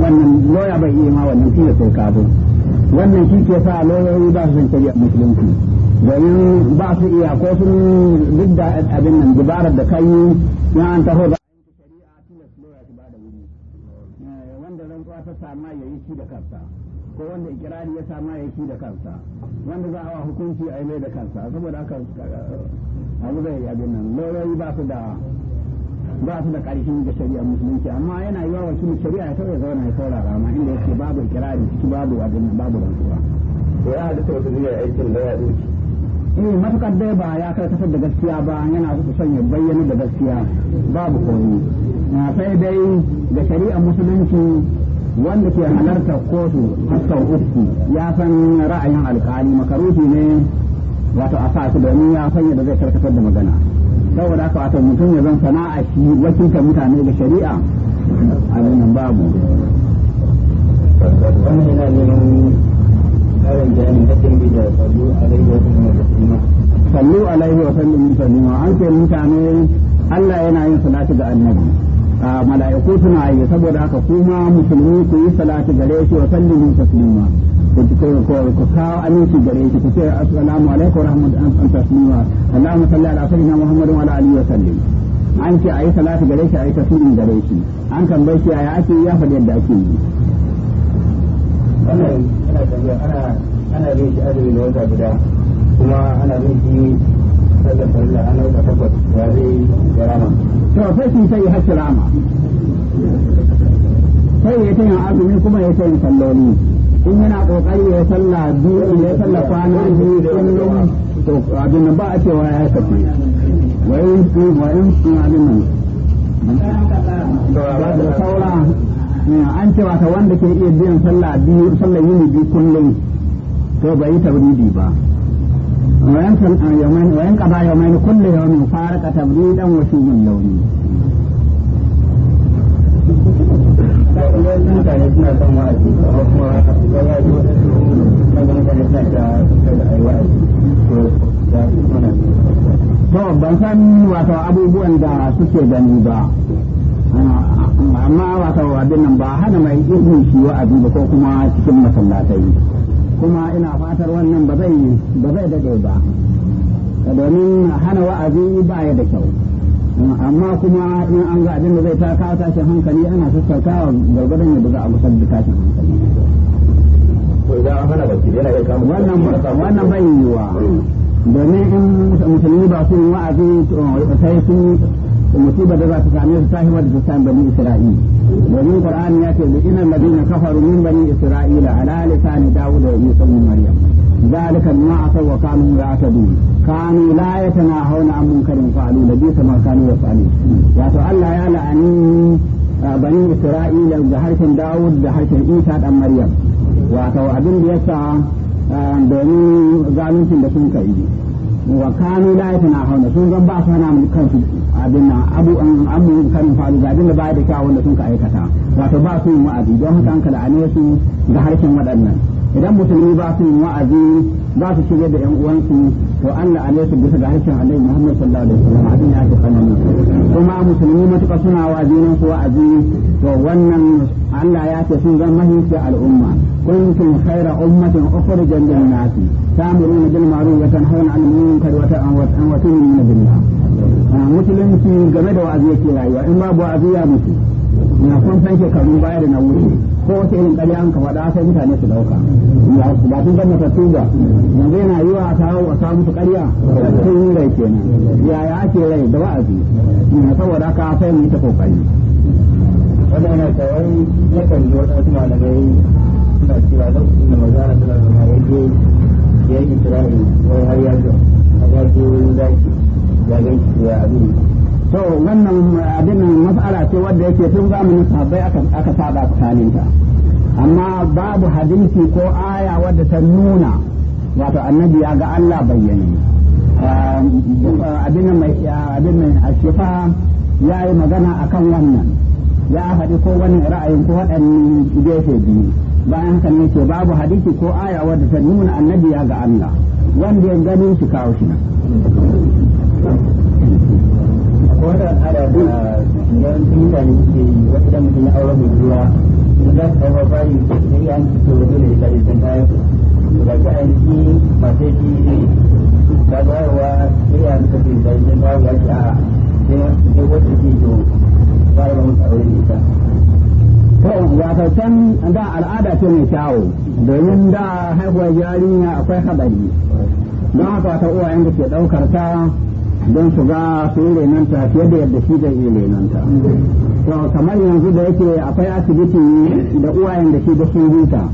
wannan loya bai iya ma wannan shi ya sauka ba wannan shi ke sa loyoyi ba su san a musulunci domin ba su iya ko sun duk da abin nan dabarar da kai ya an taho da shari'a tilas loya su ba da wuri eh, wanda rantsuwa ta sama ya yi shi da kansa ko wanda ikirari ya sama ya yi shi da kansa wanda za a wa hukunci a yi mai da kansa saboda haka eh, abu zai yi abin nan loyoyi ba su da ba su da ƙarfi da shari'a musulunci amma yana yi wa shari'a ya sauya zauna ya saurara amma inda yake babu kirari ciki babu abin babu rantsuwa. to ya ta wata zuwa aikin da ya ɗauki. eh matuƙar dai ba ya karkatar da gaskiya ba yana su son ya bayyana da gaskiya babu komi sai dai da shari'a musulunci wanda ke halarta kotu haskar uku ya san ra'ayin alkali makarufi ne wato a sa su domin ya sanya da zai karkatar da magana. saboda haka wato mutum ya zan sana'a shi wakilta mutane da shari'a a nan babu sallu alaihi wa sallima an ce mutane Allah yana yin salati ga annabi mala'iku suna yi saboda haka kuma musulmi ku yi salati gare shi wa sallimu taslima ko kawo aminci gare shi ko ce assalamu alaikum wa rahmatullahi wa taslima Allahumma salli ala sayyidina Muhammadin wa ala alihi wa sallim an ce ayi salatu gare shi ayi taslimin gare shi an kan bai shi ya ake ya faɗi yadda ake yi wannan ana tafiya ana ana bin shi azumi da wata guda kuma ana bin shi sallar farilla ana wata takwas ya zai ya to sai shi sai ya sai ya tayin azumi kuma ya tayin salloli in yana kokari ya salla biyu ya salla kwana biyu kullum to abin nan ba a cewa ya tafi wa in su wa in su abin nan da saura an cewa ta wanda ke iya biyan salla biyu salla yini biyu kullum to bai yi tabridi ba wayan kan yawmain wayan qada yawmain kullu yawmin farqa tabridan wa yin launi. To ban san wato abubuwan da suke gani ba, amma wato abin nan ba hana mai irin shi wa'azi ba ko kuma cikin masallatai. Kuma ina fatar wannan ba zai daɗe ba, domin hana wa'azi ba ya da kyau. amma kuma in an ga abin da zai ta kawo tashin hankali ana sassautawa gargadon yadda za a da tashin hankali. Wannan bai yiwuwa domin in musulmi ba su wa'azi sai sun musibar da za su same su sahiwa da ta sami bani Isra'ila. Domin Qur'ani ya ce ina ladina kafaru min bani Isra'ila ala lisani Dawud wa Isa ibn Maryam. Zalika ma asaw wa kanu ya'tadun. kanu la ya tana hauna an karin fa'alu da bisa sama kanu ya fa'alu wato Allah ya la'ani bani Isra'ila da harshen Dawud da harshen Isa dan Maryam wato abin da yasa domin zaluncin da sun kai wa kanu la ya tana hauna sun zan ba sana mun kansu abin nan abu an amu karin fa'alu da abin da baya da kyawun da sun ka aikata wato ba su wa'azi don haka an kala'ane su da harshen waɗannan idan musulmi ba su yi wa'azi ba su shirya da yan uwansu to Allah a alaihi bisa ga harshen Annabi Muhammad sallallahu alaihi wasallam abin ya ce kana kuma musulmi matuƙa suna wa'azi nan su wa'azi to wannan Allah ya ce sun zama mahimmanci al'umma kuntum khaira ummatin ukhrijat lin nasi ta'muruna bil ma'ruf wa tanhauna 'anil munkar wa ta'awuna wa tu'minuna billah ah, musulunci game da wa'azi yake rayuwa in ba wa'azi ya mutu na kun san shekarun baya da na wuce ko wace irin ƙarya an kama da sai mutane su ɗauka ba sun zama matattu ba yanzu yana yi wa a samu a samu su ƙarya sun yi rai kenan yaya ake rai da wa'azi saboda ka sai mu yi ta kokari wanda yana tsawon na kan ji wasu malamai suna cewa lokacin da magana suna zama ya je ya yi isra'il wai har ya zo a ga ke zaki ya gaishe ya abin to wannan eh, abin mas'ala ce wanda yake tun zamanin sahabbai aka saba tsakaninta amma babu hadisi ko aya wadda ta nuna wato annabi ya ga Allah bayyane eh, eh, abin mai abin mai ashifa ya yi magana akan wannan ya faɗi ko wani ra'ayin ko waɗanne gefe biyu bayan kan ne ce babu hadisi ko aya wadda ta nuna annabi ya ga Allah wanda ya gani shi kawo shi nan yawancin da suke yi wasu da mutum ya aure da ruwa in za su kawo bari da iya an fito da dole isan kayan su da ga ainihi ba sai ne ba bayarwa da iya suka fi da isan kayan ya ce a sai wata ke to bayarwa musu aure da ita. To, wato da al'ada ce mai kyawu domin da haihuwar yarinya akwai haɗari don haka wata uwayen da ke ɗaukar ta don su ga su yi renanta fiye da yadda shi zai yi renanta to kamar yanzu da yake akwai asibiti da uwayen da shi da sun huta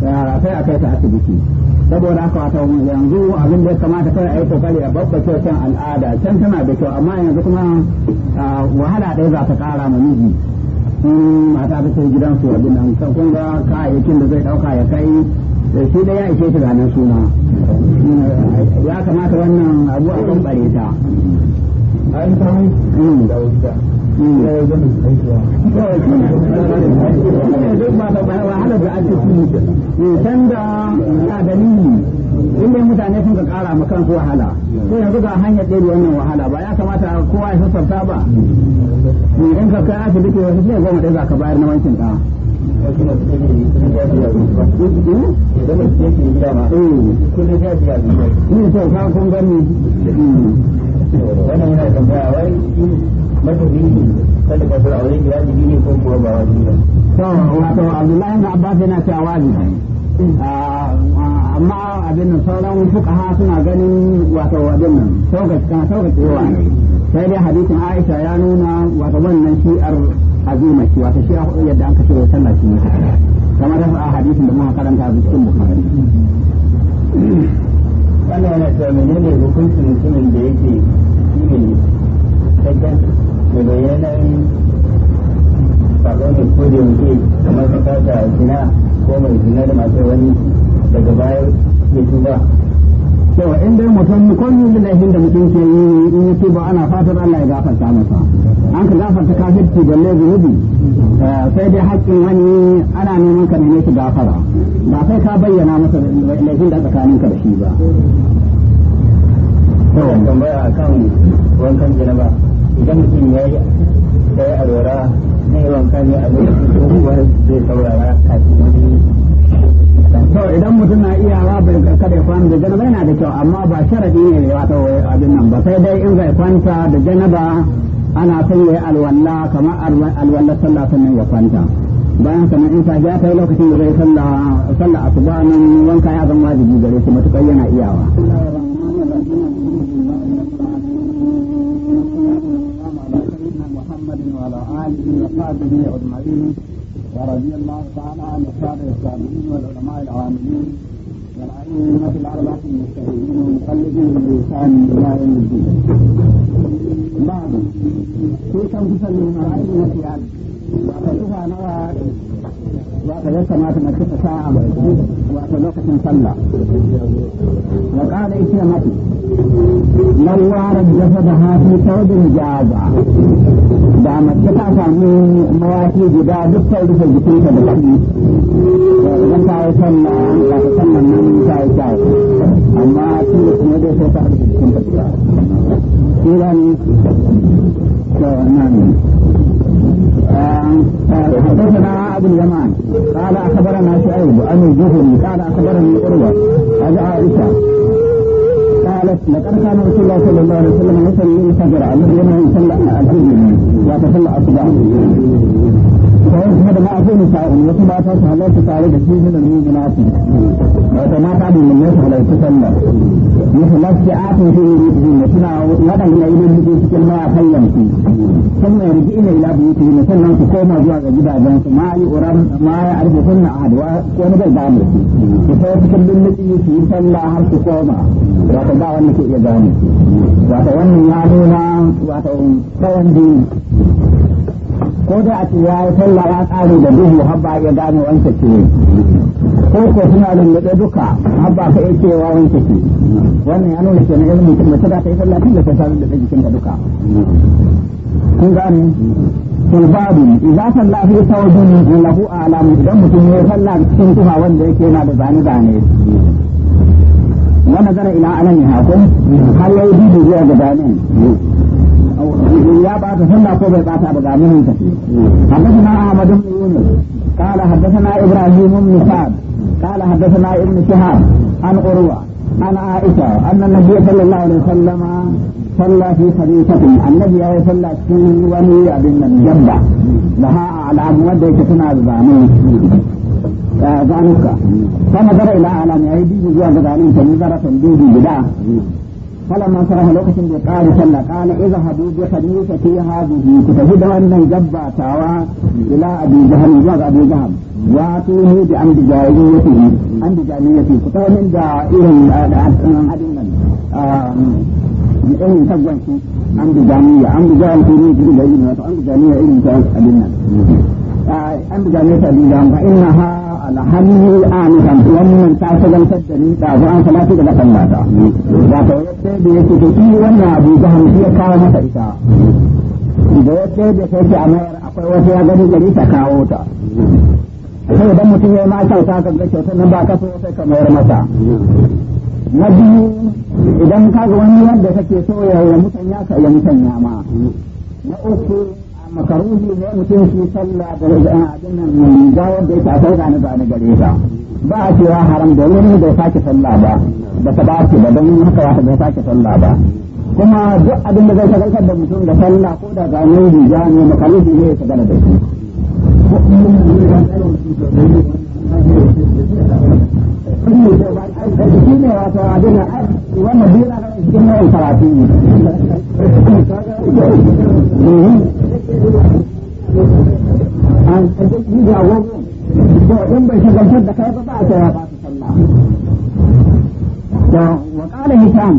sai a kai ta asibiti saboda haka wata yanzu abin da ya kamata kai a yi kokari a babba kyau can al'ada can tana da kyau amma yanzu kuma wahala ɗaya za ta ƙara ma miji mata ta kai gidansu a gidan kan kunga kayayyakin da zai ɗauka ya kai shi da ya ishe ta ranar suna ya kamata wannan abu a kan bare ta an samu hmm. da wuta san hmm. hmm. da ya dalili inda mutane sun ka kara ma kansu wahala sai yanzu ga hanya ɗaya wannan wahala ba ya kamata kowa ya sassauta ba in ka kai asibiti wasu sai goma ɗaya za ka bayar na wankin ɗa wannan yana wato Abdullahi na Abbas yana cewa wajibi amma abin nan sauran suna ganin wato abin nan sauka sauka cewa sai dai hadisin Aisha ya nuna wato wannan shi'ar azima ce wata shi yadda an kashe wa sallah shi ne kamar a hadisin da muka karanta a cikin bukhari wannan yana cewa menene hukuncin mutumin da yake shi ne kakkan da bayanan sabon da ko da kamar ka zina ko mai zina da masu wani daga baya ke tuba to in dai mutum ko yi da laifin da mutum ke yi in yi tuba ana fatan Allah ya gafarta masa an ka gafarta kafirci da zunubi eh, sai dai haƙƙin wani ana neman ka neme shi gafara ba sai ka bayyana masa laifin da tsakanin ka da shi ba to tambaya akan wankan janaba idan mutum ya yi sai alwara ne wankan ne a lokacin da zai saurara kafin wani idan mutum na iyawa bai karka ya kwana da janaba yana da kyau amma ba sharadi ne wato abin nan ba sai dai in zai kwanta da janaba ana son ya yi alwalla kamar alwalla sallah sannan ya kwanta bayan kamar in safiya ta yi lokacin da zai sallah sallah asuba wanka ya zama wajibi gare shi matukar yana iyawa وعلى آله ورضي الله تعالى عن السادة السابقين والعلماء العاملين والأئمة الأربعة المجتهدين المقلدين بإحسان إلى يوم الدين. بعد في تنفس من فرائض القيادة wata ya kamata mace ta sa a lokacin sallah wa mati wara jaza da mace ta samu mawaki guda duk rufe jikinta da shi idan ta yi sallah ba ta nan ta yi kyau amma tun da kuma dai sai ta حدثنا ابو اليمان قال اخبرنا شعيب عن الزهري قال اخبرني عروه عن عائشه قالت لقد كان رسول الله صلى الله عليه وسلم يصلي الفجر على الذي يصلى الفجر وتصلى الصبح wayan kuma da ma'afu ne sa'a'un wasu mata su halarta tare da shi da al-mu'minati wata mata ne mun yasa halarta sallah yasa lafiya atun shi ne su ne suna wadan na ilimin da cikin ma'afayyan su sun ne riji ina ila biyu su ne sannan su koma zuwa ga gidajen su ma yi uran ma ya arzu sunna a haduwa wani bai damu su su sai cikin lulluɓi su yi sallah har su koma wata ba wanda ke iya damu wata wannan ya nuna wata ko da a ce ya yi sallah ya tsari da duhu habba ya gane wanke ce ko ko suna lulluɓe duka habba ka iya wa wanke ce wannan ya nuna kenan ilimin mutum da ta yi sallah tun da ta tsare da jikinta duka kun gane tulbabu idza salla fi thawbin lahu a'lamu idan mutum ya salla cikin tufa wanda yake yana da zane zane wa nazara ila alamiha kun har yayi bibi zuwa ga zane ya bata sunna ko bai bata ba gani ne tafi haddathana ahmad bin yunus qala haddathana ibrahim bin musab qala haddathana ibn shihab an urwa an aisha anna nabiy sallallahu alaihi wasallam صلى في خليفة النبي عليه الصلاة والسلام ولي أبن الجبة لها على مودة كتنا الزامن زانوكا فنظر إلى أعلام أيدي وزوى جدالين فنظر تنبيه بدا فلما صرح لوكس بقال صلى قال اذهبوا بخليفتي هذه فتجد ان الجبا تاوى الى ابي جهل وجاء ابي جهل واتوه بعمد جاريته عند جاريته فقال من دائره من اين تبغى عند جاريه عند جاريه عند جاريه عند جاريه عند جاريه an da zane ta lila ba inna ha alhamdu anikan wannan ta sagantar da ni da zuwan salatu da bakan mata ba ta yadda da yake to shi wannan abu da hamsi ya kawo mata ita da yadda da sai a mayar akwai wata ya gani gari ta kawo ta sai idan mutum ya yi ma kyauta ka ga kyautar nan ba ka so sai ka mayar masa na biyu idan ka ga wani wanda kake so ya mutanya ka ya musanya ma na uku makaruhi ne mutum shi sallah da abin nan gawar da yake akwai zane zane gare ta ba a cewa haram da wani bai sake sallah ba ba ta dace ba don haka wata bai sake sallah ba kuma duk abin da zai shagaltar da mutum da sallah ko da zane riga ne makaruhi ne ya shagala da shi. shi ne wannan biyu na cikin nau'in karatu ne. an kaji yi jawo to in bai shagaltar da kai ba ba a cewa ba su sallah to wa qala hisham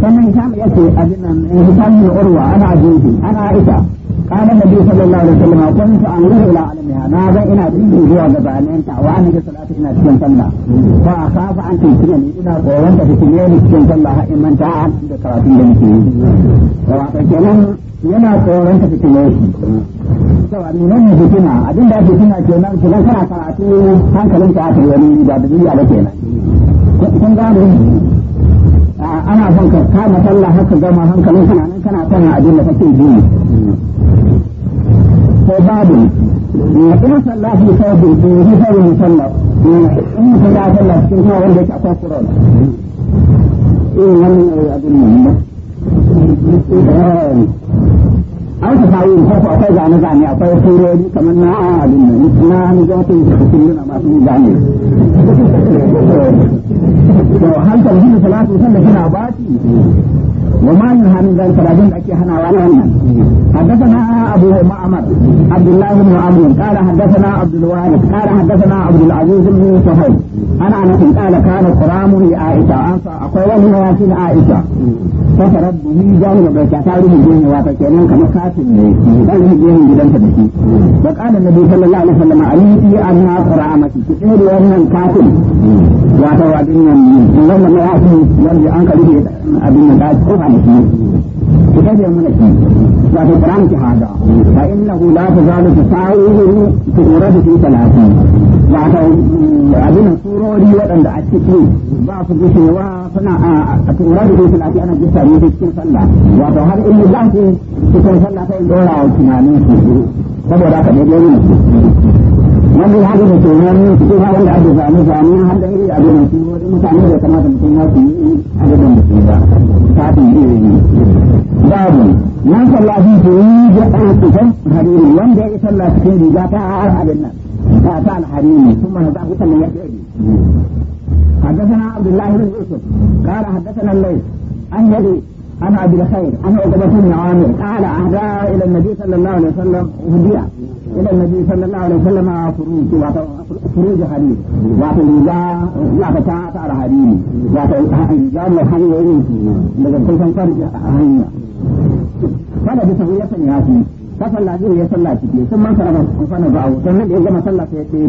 sannan hisham yace ajinan hisham ne urwa ana ajibi ana isa قال النبي صلى الله عليه وسلم كنت انظر الى علمها ما بين انا بنتي هو غبانين وانا في صلاه انا cikin sallah a akafa an tilkini ina cikin cikin sallah in man da karatun da nake yana tsoron ta cikin yauki to a nuna mu hukuma abin da ake suna kenan ku ga kana karatu hankalin ka aka wani ba da a ba kenan kun gano ana son ka kama sallah haka gama hankalin kana nan kana son abin da kake bi ko babu in sallah fi sabu in fi sabu in sallah in ka ga sallah cikin kuma wanda yake akwai kuran Ina eh, wannan abin ne an ka kawo yin farko akwai zane zane akwai surori kamar na a abin na a nijatun cikin yana masu zane to hankal hin salatu sallah tana wa ma yin zan da ake hanawa na wannan حدثنا ابو معمر عبد الله بن عمرو قال حدثنا عبد الوارث قال حدثنا عبد ana nufin ƙala kana kuramun ya aisha an sa akwai wani mawafi na aisha ta farar bai jahu da barka ta rufe gehen wata kenan kamar kafin ne dan rufe gehen gidanta da shi wa ƙala nabi sallallahu alaihi wasallam aliki anna quramati ki tsere wannan kafin. wato abin nan wannan mawafi wanda an ka rufe abin nan da ko hanci ki tsere mana shi wato Qur'an shahada fa innahu la ta tasawuhu tuqradu fi salati wato abin waɗanda a ciki ba su gushewa suna a ana cikin sallah wato har in za su cikin sallah tunanin su saboda haka ne dai wannan haka da ke ake zane zane har mutane da kamata mutum ya yi abin da su ba ne babu na sallafi su yi da ɗan kusan hariri wanda ya salla cikin riga ta a abin nan ta ta alhariri sun ma za ku sannan ya ɗaya حدثنا عبد الله بن يوسف قال حدثنا الليث عن يدي عن عبد الخير عن عقبة بن عامر قال أهدى إلى النبي صلى الله عليه وسلم أهدي إلى النبي صلى الله عليه وسلم فروج فروج حرير وفي الرجاء لا على حرير وفي الرجاء من الحرير لقد كنت فرج حرير kana bisa ya sanya su ta sallah zai ya sallah ciki sun man sarrafa su fana ba a sannan da ya gama sallah sai ya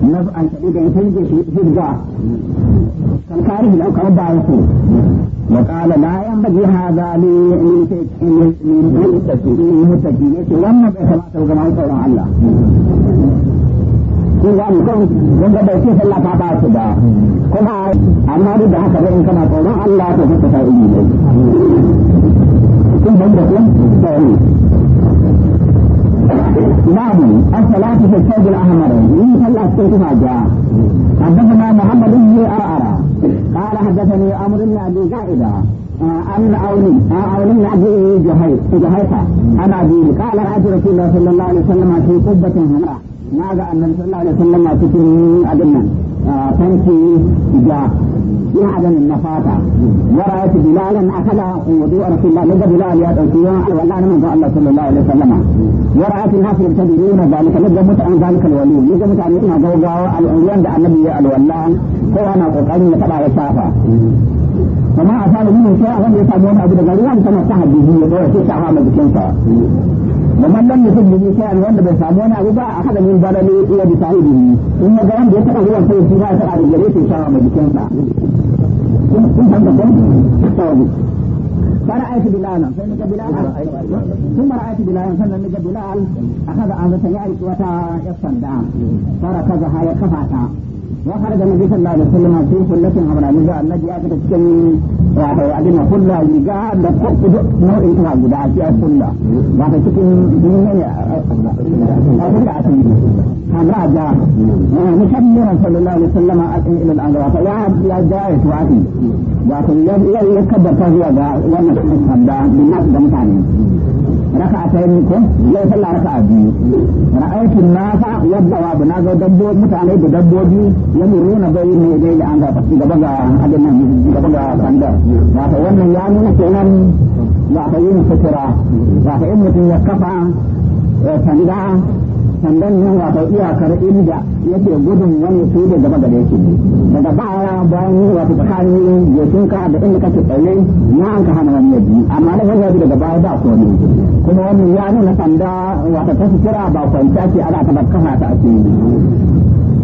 ne na an tabi da ya da shi hijja kan tarihi da aka ba su wa qala la yanbaghi hadha li min mutaqin yace wannan bai kamata ga mai tsoron Allah kun ga mutum wanda bai ce sallah ta ba su ba kuma amma duk da haka in kana tsoron Allah to kuka sa ilimi نعم عندكم دليل باب الصلاة في الثوب الأحمر من صلى الصوت فاجعة حدثنا محمد بن أرأرة قال حدثني أمر بن أبي قاعدة أن آه، أولي آه، أولي بن أبي جهير جهيرة أنا أبي قال رأيت رسول الله صلى الله عليه وسلم في قبة حمراء ماذا أن النبي صلى الله عليه وسلم تكون أدنى تنسي آه، جاء في عدم النفاقة ورأت بلالا أخذ وضوء رسول الله لدى بلال يا أوكيا ولا أنا من الله صلى الله عليه وسلم ورأيت الناس يبتدرون ذلك لدى متعن ذلك الولي لدى متعن يتنا زوجة الأوليان دع النبي الولا هو أنا قلت أن يتبع يتافى amma a fara yin sai a wanda ya samu wani abu gari ruwan tana ta biyu ya dawo sai ta hama jikin sa da man lam yusib bihi shay'an wanda bai samu wani abu ba a hada min badali iya bi biyu. in ga wanda ya taɓa ruwan sai ba ya taba da gare sai ta jikin sa kun san da فرأيت بلالا فإنك بلالا ثم رأيت بلالا فإنك أخذ آذة يعرف وتا يصدع فركزها يكفعتا ya da na bisa da sallama su kullatin abu na nuna an naji ya fita kulla riga da kwakwudu ta guda a fiya kulla cikin dunya ne a kan da aka yi ne kamar a mu sallama a ga da mutane raka'atayn ko yau sallah raka'a biyu ra'aytu nafa yaddawa ga dabbo mutane da dabbobi yamuruna bai ne dai da an ga gaba ga nan gaba ga kanda wannan ya nuna kenan wato yin sutura wato in mutum ya kafa eh, sanda sandan nan wato iyakar inda yake gudun wani su da gaba gare shi daga baya bayan wato tsakanin goshin ka da inda kake tsaye na an ka hana wani yaji amma da wani daga baya ba ne kuma wani ya nuna sanda wato ta sutura ba kwanta ce ana ta kafa ta ake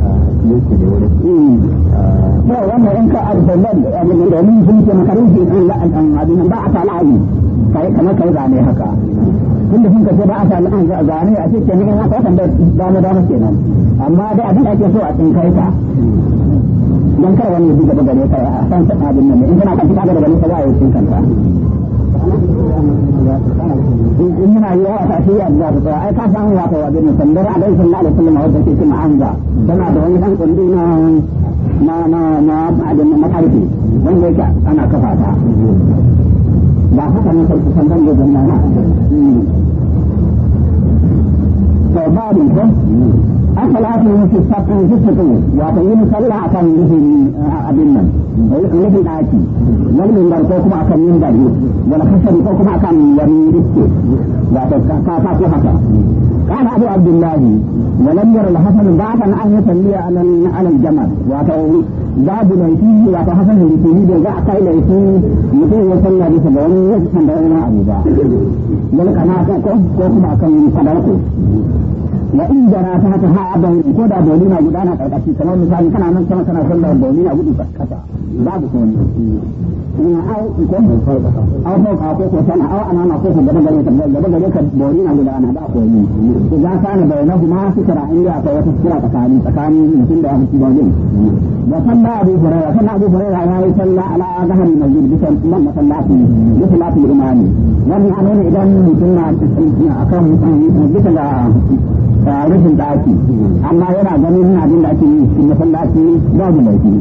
yake da wuri ba wannan in ka sun ce an ba a sa la'ayi kai kamar kai zane haka tunda sun ka ce ba a sa la'an zane a cikin da dama dama kenan amma dai abin da ake so a tsinkai ta don kar wani ya bi gaba gare ka a san abin nan in kana kan gaba gare ka yi tsinkan in yana yi wa ta shi yadda da tsawa ai ka san wato wa bin sandar alaihi sallallahu alaihi wasallam wadda ke cin anza tana da wani dan kundi na na na na ma'adin na makarfi wanda yake ana kafa ta ba haka ne sai kusan الصلاة في السبع في السبع وتقيم صلى أكن مثل أبنا مثل آتي ولمن بركوكم أكن من دري ولخشن كوكم أكن يريدك وتكافات حتى قال أبو عبد الله ولم ير الحسن ضعفا أن يصلي على على الجمل وتو باب ما فيه وتحسن اللي فيه بيعطى إلى فيه مثل يصلي عليه سبعون يجسم بين أبو ذا ولكن أنا كوكم أكن قدركم wa in na ta haka ha bayan ko da na gudana karkashi kamar misali kana nan sama kana sallar na gudu kasa babu komai bori na guda da ko ni to za ka na bayyana kuma kira inda akwai wata sura tsakani yi sallah ala zahari masjid man masallati bi salati imani wannan an ne idan mutum na ga rufin daki amma ganin abin da ake masallaci babu laifi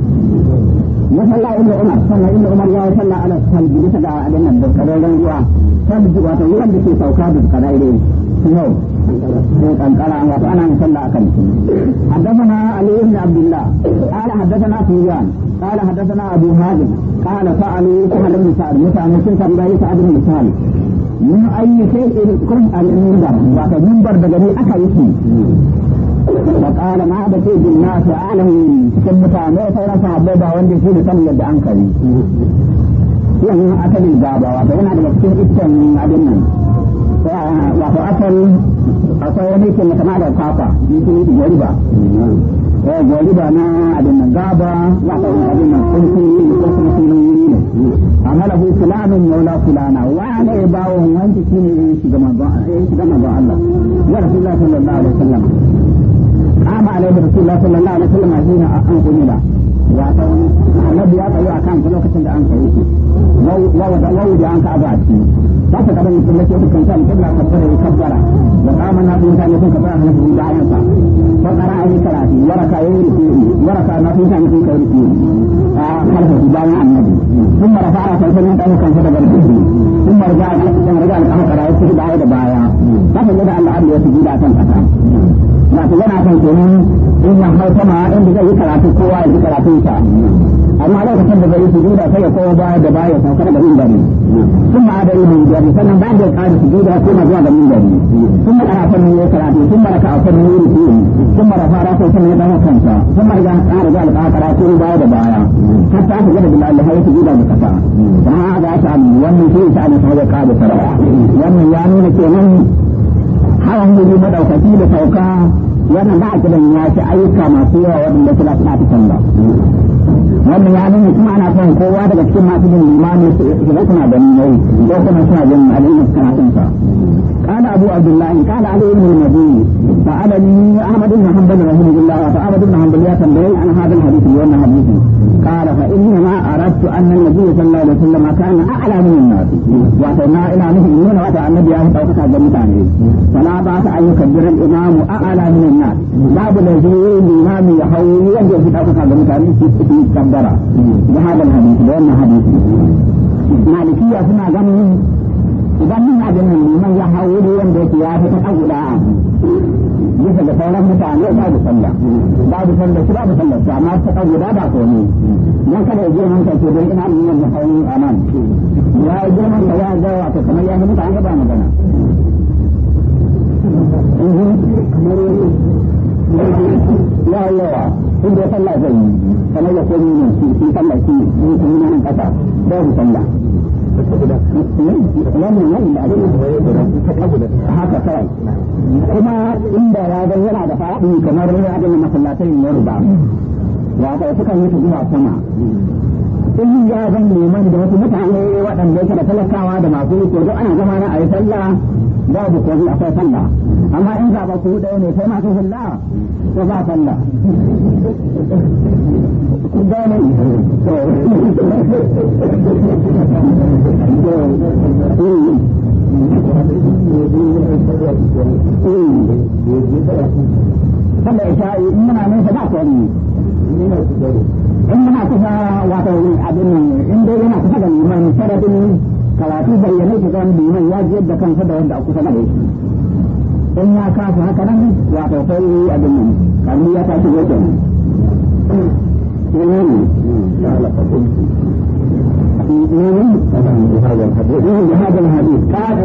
ya salla inda Umar sannan inda Umar ya salla ala salbi bisa ga abin nan dukkanin ruwa salbi wato ruwan da ke sauka dukkanai ne yau ko kankara wato ana yin sallah akan shi حدثنا علي بن عبد الله قال حدثنا سفيان قال حدثنا ابو هازم قال سالوا سهل بن سعد مثلا سنت ابي سعد بن سالم من اي شيء كن المنبر ومنبر دغني اكا يسي فقال ما بسيط الناس أعلم ثم تعمل فرفع بابا وندي فيه سمي الدعان كريم yin asalin gaba yana daga cikin iskan abin nan wato asal akwai wani ke na kama da kafa yake goriba eh goriba na abin nan gaba wato abin nan kun kun yi ko kuma kun yi ne amma lahu fulanin maula fulana ne bawon wanki shine yin shi ga manzon Allah ya rasulullah sallallahu alaihi wasallam kama alaihi rasulullah sallallahu alaihi wasallam hina an kunila ya ta annabi ya tsayo akan lokacin da an kai shi wa wa da an ka abaci za ka gaban mutum nake dukkan kan kibla kabbara ya kabbara da kama na kuma mutane sun kabbara na su bayan sa fa qara ayi karatu waraka yayi ruku'i waraka na kuma mutane sun kai ruku'i a halka bayan annabi sun mara fara sai sun dawo kan sa daga ruku'i sun mara ga kan riga al qara ya ci baya da baya za ka ga Allah Allah ya ci da kan kasa wato yana kan kenan in ya hau sama inda zai yi karatu kowa ya ji karatunsa amma lokacin da zai yi sujuda sai ya kowa baya da baya saukar da yin bari sun ma'adari mai gari sanan ba da kare su su da kuma zuwa ga gari sun mara rafin ne ya karatu sun mara ka afin ne rufe sun mara fara sai sun ya dawo sun mara ga kare ga ƙara ko baya da baya har ta aka da bilal har ya sujuda da kafa dan ba ga ta wannan shi ta ne sai ya ƙara sarwa wannan ya nuna kenan hawan gudu madaukaki da sauka wannan ba a kidan ya ci ayyuka masu yawa waɗanda suna suna fitan ba wannan ya nuna kuma ana son kowa daga cikin masu bin limani su zai suna ganin yayi ko kuma suna jin al'umma suna son sa kada abu abdullahi kada قال علي بن fa سألني أحمد ibn hanbal rahimahullah fa فأحمد ibn hanbal ya tambaye an hadal hadisi wannan hadisi قال فإنما أردت أن النبي صلى الله عليه وسلم كان أعلى من الناس وأتينا إلى مهمين وأتى النبي عليه الصلاة والسلام فلا بأس أن يكبر الإمام أعلى من الناس باب الذي الإمام يحول ينزل في الأوقات المتعلمة في كبرة بهذا الحديث بأن حديث مالكية سنة جميل إذا من هذا الإمام يحول ينزل في الأوقات bisa ga sauran mutane babu sallah babu sallah shi babu sallah shi amma ta guda ba ko ne dan kada ya girman kai don ina mun yin hauri anan ya girman kai ya ga wato kamar ya mutu an gaba magana ya Allah in da sallah zai yi kamar ya koyi ne shi sallah shi ne kuma nan kasa babu sallah wannan yayin da ake haka kawai kuma inda ya zan yana da faɗi kamar abin masallatai yoruba wato sukan yi zuwa sama in ya zan neman da wasu mutane waɗanda yake da talakawa da masu yi to ana zama na a yi sallah babu ko akwai sallah amma in zaɓa ku ɗaya ne sai masu sallah ko ba ku gane muna nesa ba in kusa abin in dai yana kusa da liman sarafin karatu bayyana ta kan liman ya da kansa da wanda a kusa da shi in ya kafa haka nan wato sai abin nan karni ya tashi gobe بهذا الحديث قال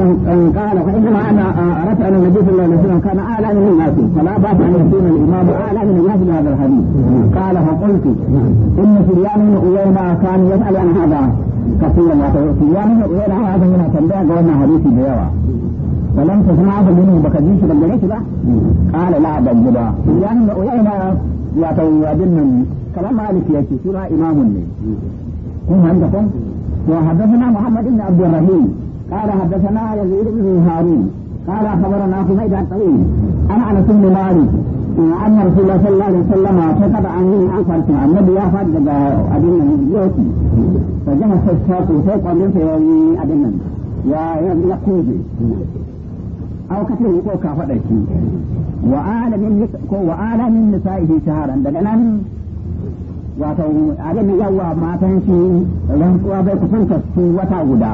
قال فانما انا عرفت ان النبي صلى الله عليه وسلم كان اعلى من الناس فلا باس ان يكون الامام اعلى من الناس بهذا الحديث قال فقلت ان سفيان بن عيينه كان يسال عن هذا كثيرا وسفيان بن عيينه هذا من تنبيه قولنا حديث بيوا ولم تسمعه منه بكجيش بجريت بقى قال لا بجي بقى يعني يا واتو أبن كلام مالك يا يكي سورة إمام لي هم عندكم وحدثنا محمد بن عبد الرحيم قال حدثنا يزيد بن هارون قال خبرنا حميد عن طويل أنا على سن مالك أن رسول الله صلى الله عليه وسلم كتب عني عن فرسه النبي يا فرد أبن يوتي فجمع الشاكو فوق من في أبن يا يا كوبي aw katrin ko ka faɗa shi wa alamin ko wa alamin nisa'ihi shaharan daga nan wato abin yawa matan shi rantsuwa bai kusan su wata guda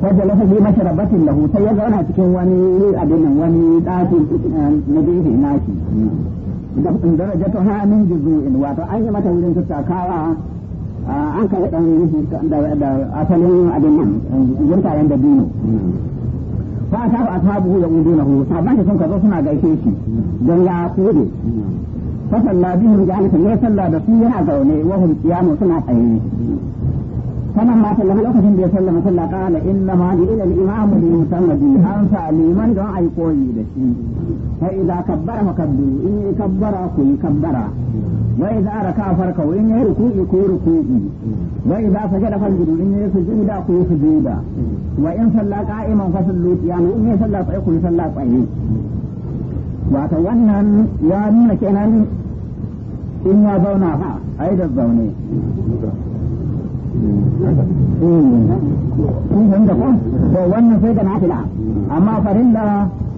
wadda lafa bi masharabatin lahu sai ya zauna cikin wani abin wani ɗaki na gefe nashi ta ha min in wato an yi mata wurin tattakawa an kai dan da asalin abin nan yankayen da dino ba ta fa ashabu yamudunahu saban shi sun kazo suna gaishe shi don ya kude fa salla bihim jalisan ne salla da su yana zaune wa hum qiyamu suna tsaye kana ma sallama lokacin da ya sallama salla qala inna ma li ila al-imam li mutammadi an sa liman don ai koyi da shi fa idza kabbara ka in kabbara ku kabbara wa idza raka farka in yayi ruku'i ku ruku'i wa idza sajada fa in yayi sujuda ku sujuda wa in salla qa'iman fa sallu qiyaman in ya salla fa ku salla tsaye wato wannan ya nuna kenan in ya zauna fa ai da zaune hmm. kun san da ko wannan sai da nafila amma farilla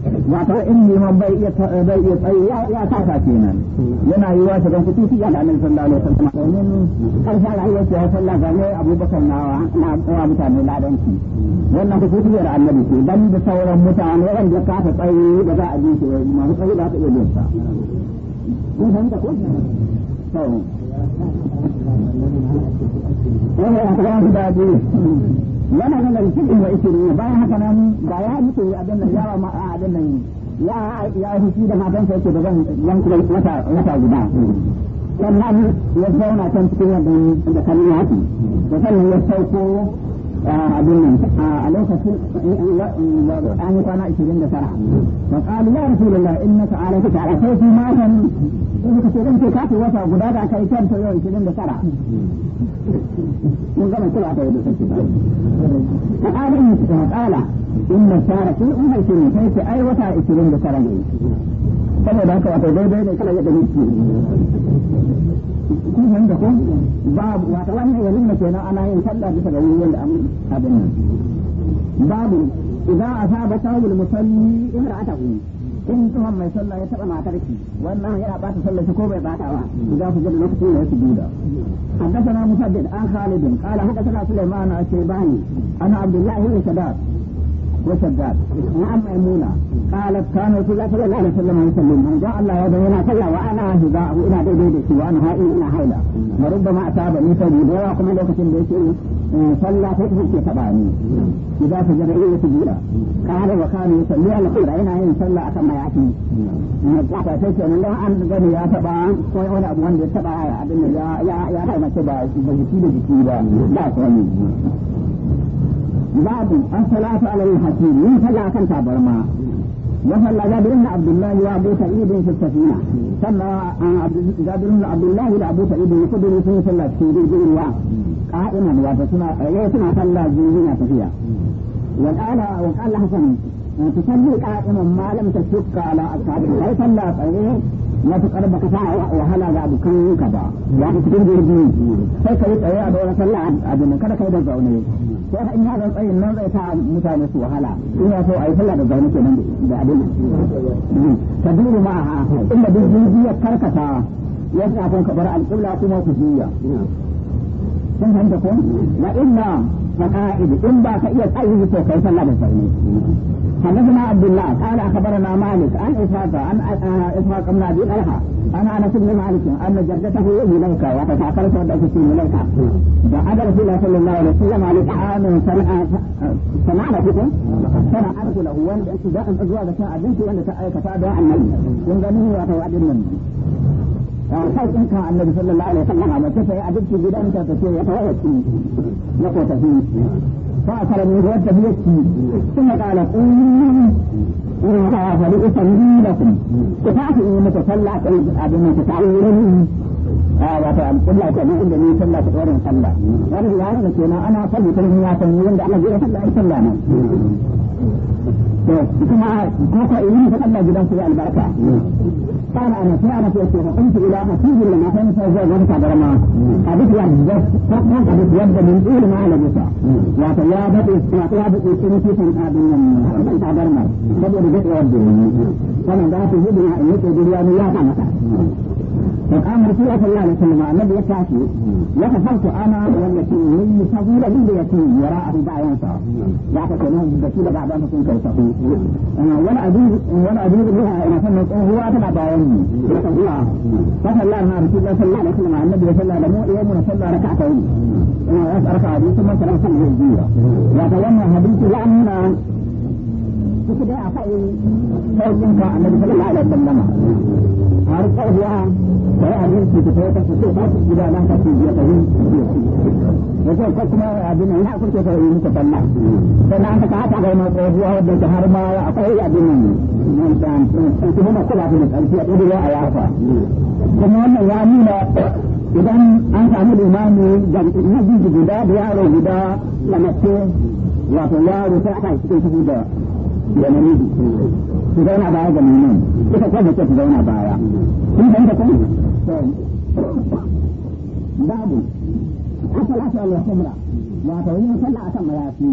wato in man bai iya bai iya tsaye ya ta ta kenan yana yi wa shigan kuɗi ya da annabi sallallahu alaihi wasallam domin karshen rayuwar ya sallah ga ne abubakar nawa na tsawa mutane ladanci wannan kuɗi da annabi ce dan da sauran mutane wanda ka ta tsaye da za a ji shi masu tsaye da ta iya sa kun san da ko to wannan eh, ya ta ga da yana nan da cikin wa ishirin bayan haka nan ba ya mutu abin nan yawa ma abin nan ya ya huci da matan sa yake da zan yanku wata wata guda sannan ya zauna can cikin wannan da kalmati da sannan ya sauko abin nan a lokacin an yi kwana 29 wa qalu ya rasulullah innaka alayka ta'ala sai fi ma san in ka ce dan ce ka ce wata guda da aka yi kan ta yau da tara. mun gama kula ta yadda take ba qala in in na tara sara fi umma ne sai ce ai wata tara ne saboda haka wato daidai ne kala yadda nake kun fahimta ko babu wata wannan ya na kenan ana yin sallah bisa ga wurin da an abin nan babu idza asaba tawul musalli in ra'ata ku in tuhan mai sallah ya taɓa matar ki wannan yana ba ta sallah shi ko bai bata ba idza ku ga lokaci ne su duda haddathana musaddid an khalid qala haddathana sulaiman a ce bani ana abdullahi ibn shadad وشداد نعم ميمونة قالت كان رسول الله صلى الله عليه وسلم يسلم من جاء الله يدعونا صلى وأنا هداءه إلى بيدي وأنا هائل إلى هائلة وربما أصابني سيدي ويقوم لك بيتي صلى فتحه في تبعني إذا فجر إلى سجيرة قال وكان يصلي على قدر أين أين صلى كما يأتي فتشهد أن الله أن غني يا تبع وأنا أبو أن يتبع يا يا يا ما تبع بجتي بجتي لا تغني babu an salatu ala al-hakim yin sallah kan tabarma wa salla jabir ibn abdullah wa abu sa'id fi safina an jabir ibn abdullah da abu sa'id ne kudu sun salla cikin ruwa qa'iman wa ta suna eh suna salla jinjina tafiya wa qala wa qala hasan tusalli qa'iman ma lam ala ashabi matuƙar baka sa wahala ga abokan ka ba ya fi cikin jirgi sai ka yi tsaye a daura sallah a domin kada kai da zaune ko ka in yaran tsayin nan zai sa mutane su wahala in ya so a yi sallah da zaune ke nan da abin ka duru ma a inda duk jirgi ya karkata ya sa kun kabar alƙibla kuma ku juya sun fahimta ko na illa fa ka'id in ba ka iya tsayi to kai sallah da zaune حدثنا عبد الله قال اخبرنا مالك عن اسحاق عن اسحاق بن ابي طلحه انا على بن مالك ان جدته مليكه وقد تعقلت ودعت في مليكه فعاد رسول الله صلى الله عليه وسلم على طعام صنعنا فيكم صنعت رجل وان ابتداء ازواج شاء بنت ان كفاء دعاء النبي من بنيه وتوعد sai in ka annabi sallallahu alaihi wasallam mace sai abinci gidanta ta ce ya tawaye na ko فأثر من هو بيده ثم قال قوموا إنها فلأصلي لكم فأتوا متصلى بما تتعورون وتقول لا تبي إلا لي صلى تقول صلى وأنا بالعالم كنا أنا صلي تلمية تلمية عند الله جل صلى صلى أنا kuma kuka ilimi ta Allah gidan su albarka قال انا في يسير قمت الى حسيب لما كان فوزا وانت برما حديث يد فقط حديث يبدا من اول ما على جسا وطيابت وطيابت يسير في سن ادن من انت برما بدل جد يد فمن ذات هدنا ان يتجريان لا تمتا فقام رسول الله صلى الله عليه وسلم النبي يتاشي وقفلت انا والتي من صغيره لي التي وراءه بعينها ذاك كان بكيل بعد ان تكون كيفه ولا ادير ولا ادير بها انا فهمت هو تبع بعيني الله فصلى مع رسول الله صلى الله عليه وسلم النبي صلى الله عليه وسلم يوم صلى ركعتين ركعه ثم صلى صلى الجيره وتولى حديث لعنه shi dai a fa'in saukin ka annabi sallallahu alaihi wasallam har kawuwa sai a yin ki ta ta ce ba ki da nan ka ce ya ta yin wato ko kuma ina ce dan an ka ta ga mai kawuwa wanda ta har ma akwai abin nan nan dan kuma na kula da karfi a dubo a yafa kuma wannan ya nuna idan an samu limami da na guda da yaro guda na wato yaro sai aka cikin da da namiji su zauna baya ga neman suka kwan mace su zauna baya sun san da kuma babu asal asal wa kumra wato yin sallah akan mayafi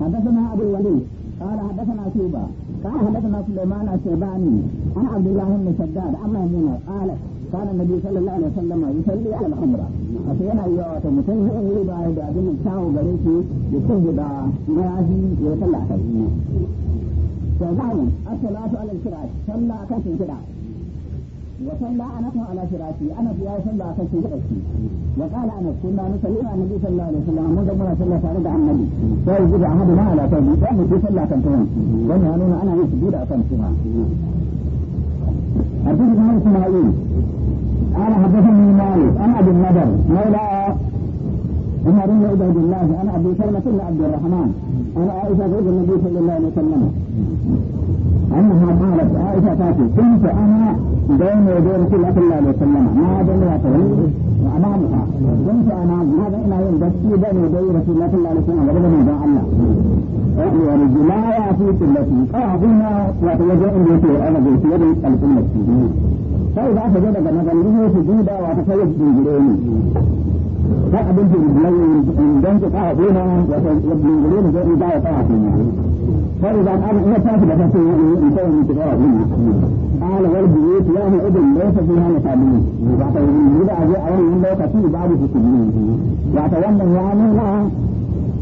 حدثنا ابو الوليد قال حدثنا شيبة قال حدثنا سليمان الشيباني عن عبد الله بن شداد عن ميمونة قال كان النبي صلى الله عليه وسلم يصلي على الحمرة فسينا يوات متنه يريد أن يدعي من شاو غريتي يكون بدا مراهي يصلى عليه وزعموا الصلاة على الفراش صلى كان في كده وصلى أنس على فراشي أنس يا آية صلى كان في كده وقال أنس كنا نصلي مع النبي صلى الله عليه وسلم منذ ما صلى فرد عن النبي فيجب أحدنا على ثوبه فالنبي صلى كان فيه ونهانونا أنا يسجد أكن فيها حدثنا إسماعيل قال حدثني مالك أنا أبي النضر مولى عمر بن عبيد الله انا عبد سلمه بن عبد الرحمن انا عائشه زوج النبي صلى الله عليه وسلم انها قالت عائشه تاتي كنت انا بين يدي رسول الله صلى الله عليه وسلم ما بين يدي امامها كنت انا هذا انا يوم بسي بين يدي رسول الله صلى الله عليه وسلم وبين يدي الله ورجلايا يعطيك التي اعظمها وتوجه بيتي انا بيتي يدي القمه فاذا سجد كما قال سجودا وتفيد في جريمي ba abinci da yayi dan ka ya san yadda gure da zai da ta ina ta da ta sai in ta yi ta fara ya ba ta yi da a wani lokaci babu hukumi ya ta wannan ya nuna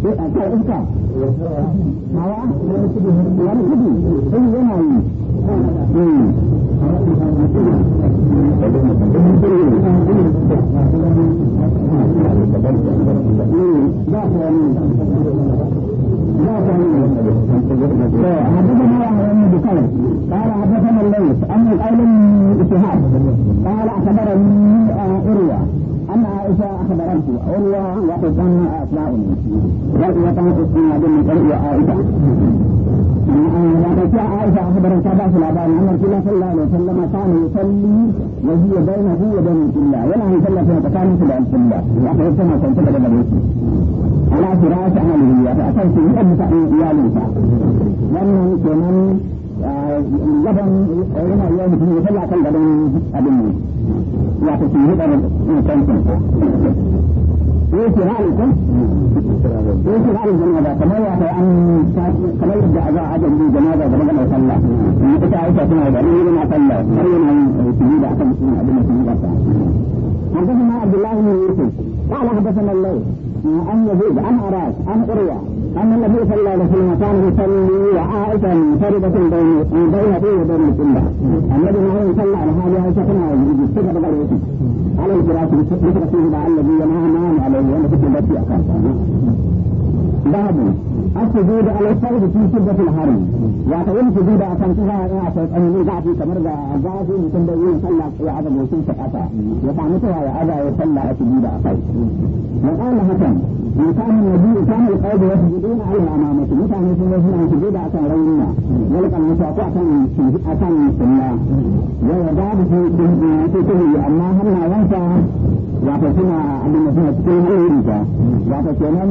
sai a kai iska hawa wani kudu wani kudu sai yana yi حدثنا عن بكر قال حدثنا الليث عن الأول من اتهام قال اعتبرني أروى أن عائشة أخبرته أولياء وتسمى أسماء وهي تنقصنا من طريق عائشة وقد عائشة أخبر الكعبة في الأبان أن رسول الله صلى الله عليه وسلم كان يصلي وهي بينه وبين الله ولا يصلى في مكان في الله وأخرج كما تنتبه لبيته على فراش أهله فأتيت بأبي سعيد يا ليسى لم يكن gaban yana yi mutum ya salla kan gaban abin ne ya ta cikin hudar mutantin ko ke halin ko ko ke halin jama'a kamar ya kai an kamar yadda a za a ajiye jama'a gaba ga mai sallah in ita aisha suna da abin yana sallah har yana yi tuni da akan cikin abin da tuni da ta حدثنا عبد الله بن يوسف قال حدثنا الليث عن يزيد عن عراك عن قريه أن النبي صلى الله عليه وسلم كان يصلي وعائشة منفردة بين بين أبي وبين الأمة. النبي عليه صلى على هذه عائشة كما يجب على الفراش مثل فيه الذي ينهى عليه وأن تكون التي أقامتها. babu asujudu da sarfi fi shiddatil hari ya ta yin sujuda akan kaza in akwai tsanani za a eh, fi kamar da gazi mutum da yin sallah ya aza goshin ta kasa ya samu tawa ya aza ya sallah a da akai wa qala hakan in kana nabi kana alqawdu yasjuduna ala amamati mutane sun yi suna da akan wani wal qanata ko akan akan sunna ya babu shi din da yake amma hannayensa wato suna abin da suna cikin hannayensa wato kenan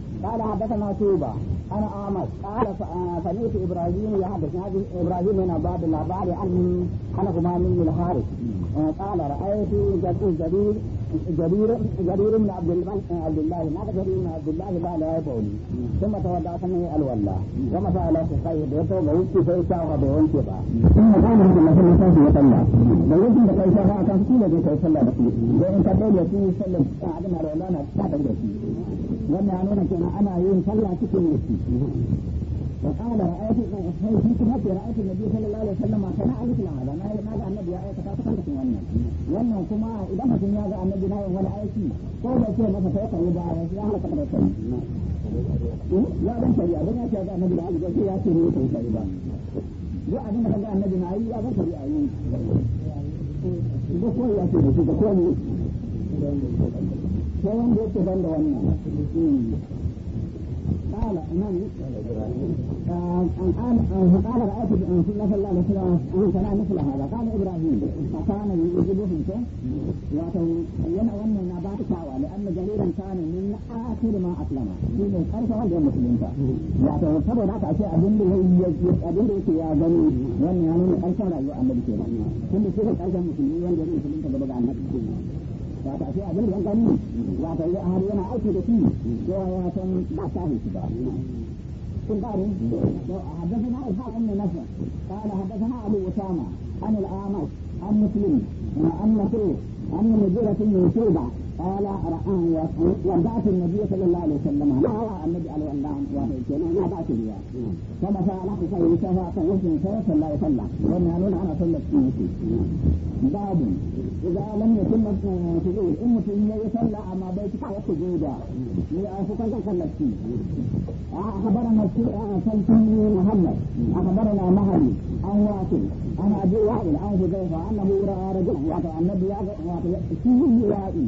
قال حدثنا توبة أنا أعمد قال آه، سمعت إبراهيم يحدث هذه إبراهيم من عباد الله بعد أن خلقهما من الحارث آه، قال رأيت جبير جبير جبير بن عبد الله آه، عبد الله ما جرير بن عبد الله قال يا بولي ثم تودع سمي الولا وما سأل خير بيته ووكي فيسا وغبيون كبا ثم قال رسول الله صلى الله عليه وسلم لو يكن بقى إسا فأكا سكيلة بيته صلى الله عليه وسلم وإن تبين يكي سلم أعدنا الولا نتحدث kana yaron kena anayin kala keken yake yi ko ala bai aiki kuma kera aiki na biyu kala yalo kala wannan wannan kuma idan ka tunu yaga amedinai aiki ko bai ta yi bai kala ba kala yake ta ba ko yake ta yi ba hmm? ko sai wanda yake ban da wannan قال من قال فقال رأيت رسول الله صلى الله عليه وسلم أن صنع مثل هذا قال إبراهيم فكان يجيبهم شيء وأتوا ينعون نبات كاوى لأن جريرا كان من آخر ما أسلم من الخلف واليوم مسلم وأتوا صبر ذاك أشياء أبن أبن يا جميل وأن يعني الخلف لا يؤمن بكذا كل شيء الخلف المسلمين والجرير مسلمين تبدأ عن نفسه ba ta ce abin da ya gani wato ya har yana aiki da shi ko ya san ba ta shi ba البخاري حدثنا اسحاق بن نصر قال حدثنا ابو اسامه عن الاعمش عن مسلم عن مسروق عن مجيرة بن شعبة قال رآه وردعت النبي صلى الله عليه وسلم لا هو النبي عليه الله وسلم ما بعت لي ثم فعلت شيء شفاء وجه شيء صلى الله عليه وسلم وما يقول انا صلى باب اذا لم يتم سجود ان في يصلى اما بيت على سجود فكان صلى اخبرنا سلطان محمد اخبرنا مهدي عن واصل عن ابي وائل عن حذيفه انه راى رجلا النبي واقع في وائل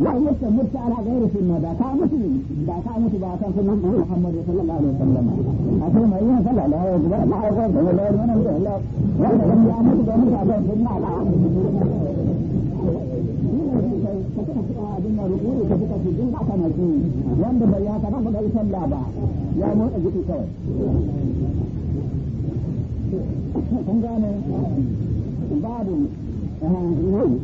لا يمت على غير سنة دا كان مسلم دا كان مسلم دا كان سنة محمد صلى الله عليه وسلم أصلا ما يهن صلى الله عليه وسلم لا يقول صلى الله عليه وسلم لا وإذا لم يعمل بمسا بين سنة لا wanda bai ya taɓa ba sallah ba ya motsa jiki kawai kun gane babu يجب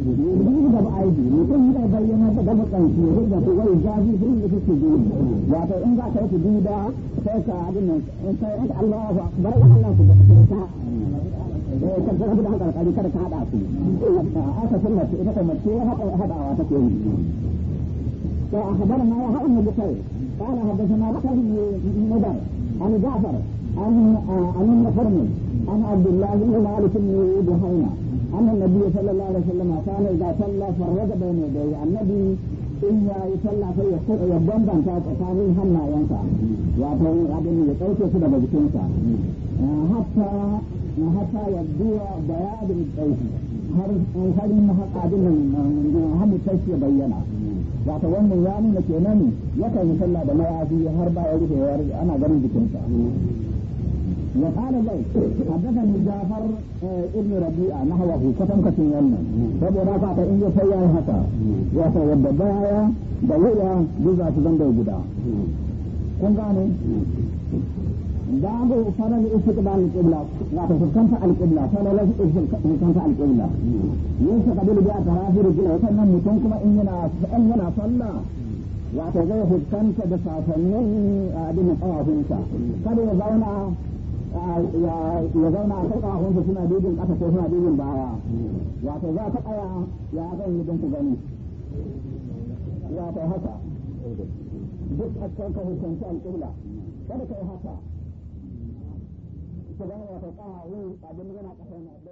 أيدي mutum zai bayyana da gaba kansu ya rika ko wai jazi zai yi su sujud wato in za ka yi sujud da sai ka abin nan sai in Allahu akbar Allah ku ta eh kan zaka da hankali kada kada ka hada su aka sunna ce ita kuma ce hadawa take yi to akhbarna ya hadan bi kai qala hadathana bakr bin mudar an ja'far an an an an عبد الله بن مالك بن بهينه أن النبي صلى الله عليه وسلم كان إذا صلى فرج بين يديه النبي in ya yi sallah sai ya bambanta tsakanin hannayensa wato abin ya ɗauke su daga jikinsa hatta hatta ya zuwa bayanin ɗauki har har mahaƙa abin nan hannu bayyana wato wannan ya nuna kenan yakan yi sallah da mayafi har ba ya rufe ana ganin jikinsa وقال زيد حدثني جعفر آه، ابن ربيعة نحوه كتم كتم يلنا فبو راكع فإن يسيا هكا وفا يبدأ دلوية جزء سدن دو جدا كن غاني باب فضل استقبال القبلة وفا سبكنت القبلة فلا لك سبكنت القبلة يستقبل بها ترافي رجل وكنا متنكما إننا سألنا صلى wato zai fuskanta da safannin abin tsawafinsa kada ya zauna ya zauna a sarƙa hunsu suna dubin ƙasa ko suna dubin baya wato za ta tsaya ya zan yi don ku gani wato haka duk a cikin ka hukunci alƙibla kada ka yi haka ku gani wato ƙawa yin abin yana ƙasa na